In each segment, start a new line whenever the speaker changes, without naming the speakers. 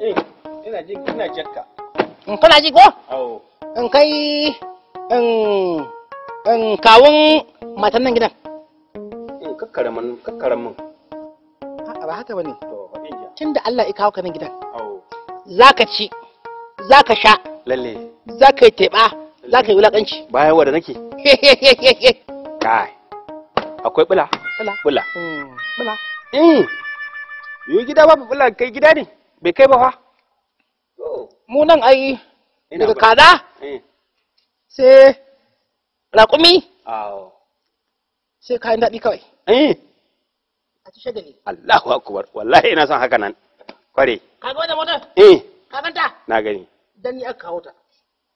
Eh, ina In mm,
kana ji ko? In kai in in kawun matan nan gidan.
Eh, kakkara man kakkara A'a
ba haka bane. Tun da Allah ya kawo ka nan gidan. Za ka ci, za ka sha. Lalle. Za ka yi teɓa, za ka yi wulaƙanci.
Bayan wanda nake. Kai. Akwai bula. Bula. Bula. Bula. Mm, mm. Yi gida babu
bula kai gida ne. bai kai ba fa mu nan ai daga kada eh. sai raƙumi sai kayan daɗi kawai eh. a ci shagali
Allahu akbar wallahi ina son haka nan kware ka ga wannan motar eh ka ganta na gani
dan ni aka kawo ta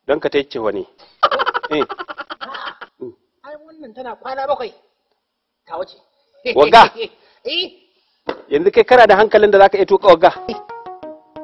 don ka taice wani eh
ai wannan tana kwana bakwai ta wuce wagga eh
yanzu kai kana da hankalin da zaka iya tuka wagga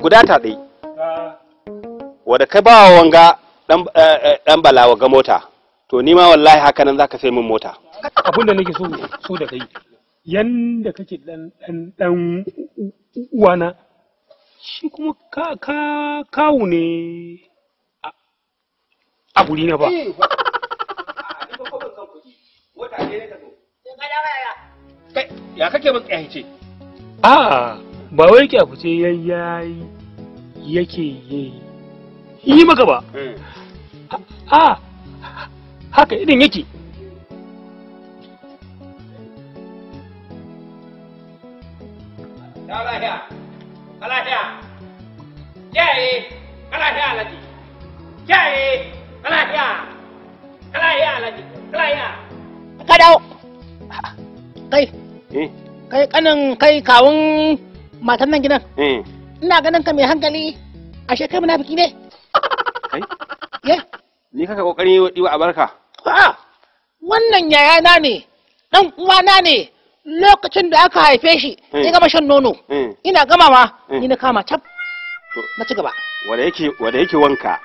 guda ta ɗai wadda ka ba wa wanga ɗan eh, eh, bala ga mota to nima wallahi haka nan za ka sai min mota abin da nake so so da kai yanda kake dan dan dan uwana shi kuma ka ka kawu ne a guri na ba eh, ya kake mun ce ah! ba wai ki afuce yayi yake yi yi maka ba hmm. a haka irin yake
kai, kai kanan kai kawun matan nan gidan eh. ina ganin ka mai hankali a shekar munafiki ne
ni kaka kokarin yi wa abarka
a'a wannan yaya na ne dan uwana ne lokacin da aka haife shi eh. ya gama shan nono eh. ina gama ma
ni na kama cap na ci gaba wanda yake wanka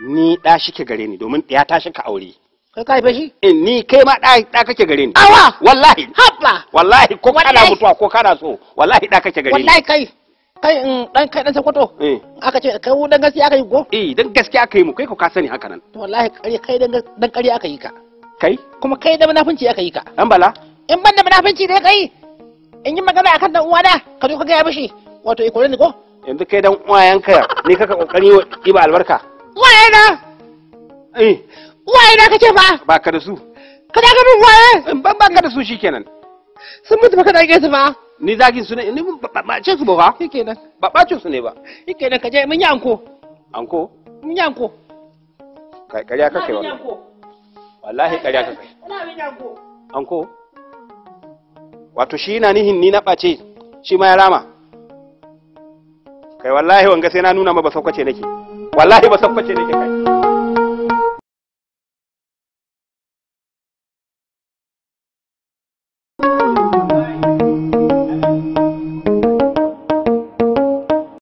ni da shike gare ni domin ɗaya ta shika aure kai ka haife shi in eh, ni kai ma da da kake gare ni awa wallahi
habba wallahi ko kana mutuwa
ko kana so wallahi da kake gare ni wallahi
kai kai in dan kai dan sakwato eh. aka ce kai dan gaskiya aka yi go
eh dan gaskiya aka yi mu kai ko ka sani haka nan
wallahi kai kai dan dan kare aka yi ka kai kuma kai da munafunci aka yi ka dan bala in ban da munafunci dai kai in yi magana akan dan uwana ka zo ka ga ya bishi. wato ikore eh, ni ko
yanzu kai dan uwayen ka ni kaka kokari wa iba albarka uwaye na eh
waye na kake ba ba ka da su ka da garin waye ba ba ka da su
shikenan sun mutu baka dage su ba ni zagin su ne ni ba ce su ba ba shikenan ba ce su ne ba
shikenan ka je mun yi anko anko mun yi anko
kai kariya kake wallahi wallahi kariya kake
ina mun yi anko
anko wato shi ina nihin ni na ɓace shi ma ya rama kai wallahi wanga sai na nuna ma ba saukace nake wallahi ba saukace nake kai